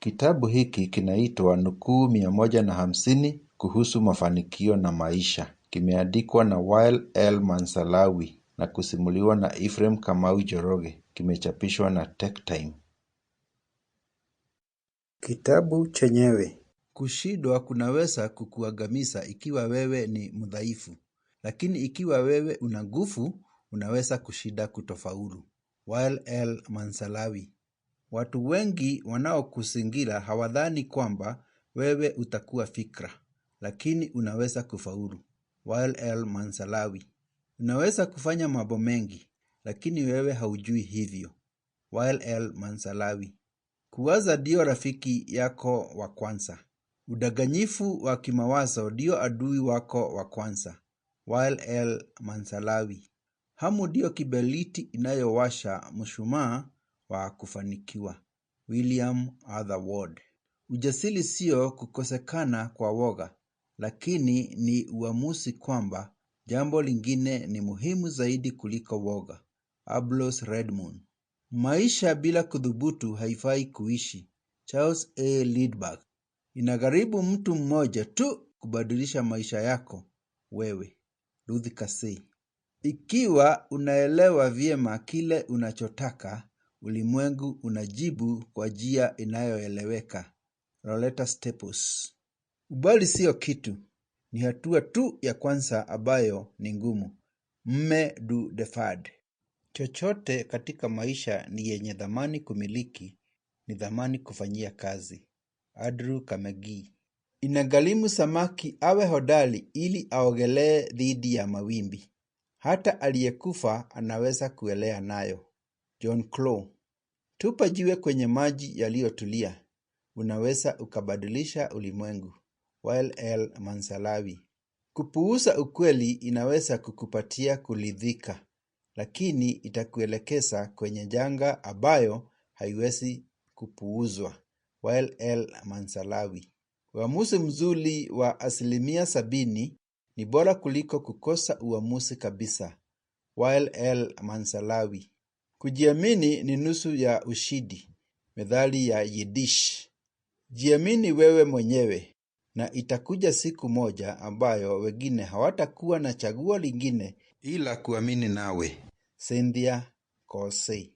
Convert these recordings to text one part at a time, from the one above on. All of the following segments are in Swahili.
Kitabu hiki kinaitwa Nukuu mia moja na hamsini kuhusu Mafanikio na Maisha. Kimeandikwa na Wael L. Mansalawi na kusimuliwa na Ephraim Kamau Njoroge. Kimechapishwa na Time. Kitabu chenyewe Kushindwa kunaweza kukuangamiza ikiwa wewe ni mdhaifu, lakini ikiwa wewe una nguvu, unaweza kushinda kutofaulu. Wael L. Mansalawi Watu wengi wanaokuzingira hawadhani kwamba wewe utakuwa fikra, lakini unaweza kufaulu. Mansalawi unaweza kufanya mambo mengi, lakini wewe haujui hivyo. Mansalawi kuwaza ndio rafiki yako wa kwanza. Udanganyifu wa kimawazo ndio adui wako wa kwanza. Mansalawi hamu ndio kibeliti inayowasha mshumaa wa kufanikiwa. William Ward. Ujasiri sio kukosekana kwa woga, lakini ni uamuzi kwamba jambo lingine ni muhimu zaidi kuliko woga. Ablos Redmond Maisha bila kudhubutu haifai kuishi. Charles A. Lindbergh Inagharibu mtu mmoja tu kubadilisha maisha yako wewe. Ruth Kasey Ikiwa unaelewa vyema kile unachotaka, Ulimwengu unajibu kwa njia inayoeleweka. Staples. Ubali siyo kitu, ni hatua tu ya kwanza ambayo ni ngumu. Mme du Chochote katika maisha ni yenye dhamani kumiliki, ni dhamani kufanyia kazi. Andrew Kamegi. Inagharimu samaki awe hodari ili aogelee dhidi ya mawimbi. Hata aliyekufa anaweza kuelea nayo. John Tupa jiwe kwenye maji yaliyotulia. Unaweza ukabadilisha ulimwengu. Wael El Mansalawi. Kupuuza ukweli inaweza kukupatia kulidhika lakini itakuelekeza kwenye janga ambayo haiwezi kupuuzwa. Wael El Mansalawi. Uamuzi mzuri wa asilimia sabini ni bora kuliko kukosa uamuzi kabisa. Wael El Mansalawi. Kujiamini ni nusu ya ushindi. Methali ya Yiddish. Jiamini wewe mwenyewe na itakuja siku moja ambayo wengine hawatakuwa na chaguo lingine ila kuamini nawe. Cynthia Kosei.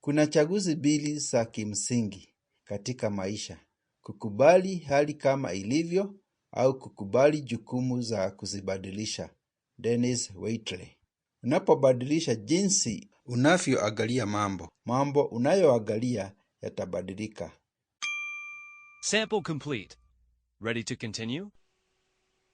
Kuna chaguzi mbili za kimsingi katika maisha: kukubali hali kama ilivyo au kukubali jukumu za kuzibadilisha. Dennis Waitley. Unapobadilisha jinsi unavyoangalia mambo. Mambo unayoangalia yatabadilika. Sample complete. Ready to continue?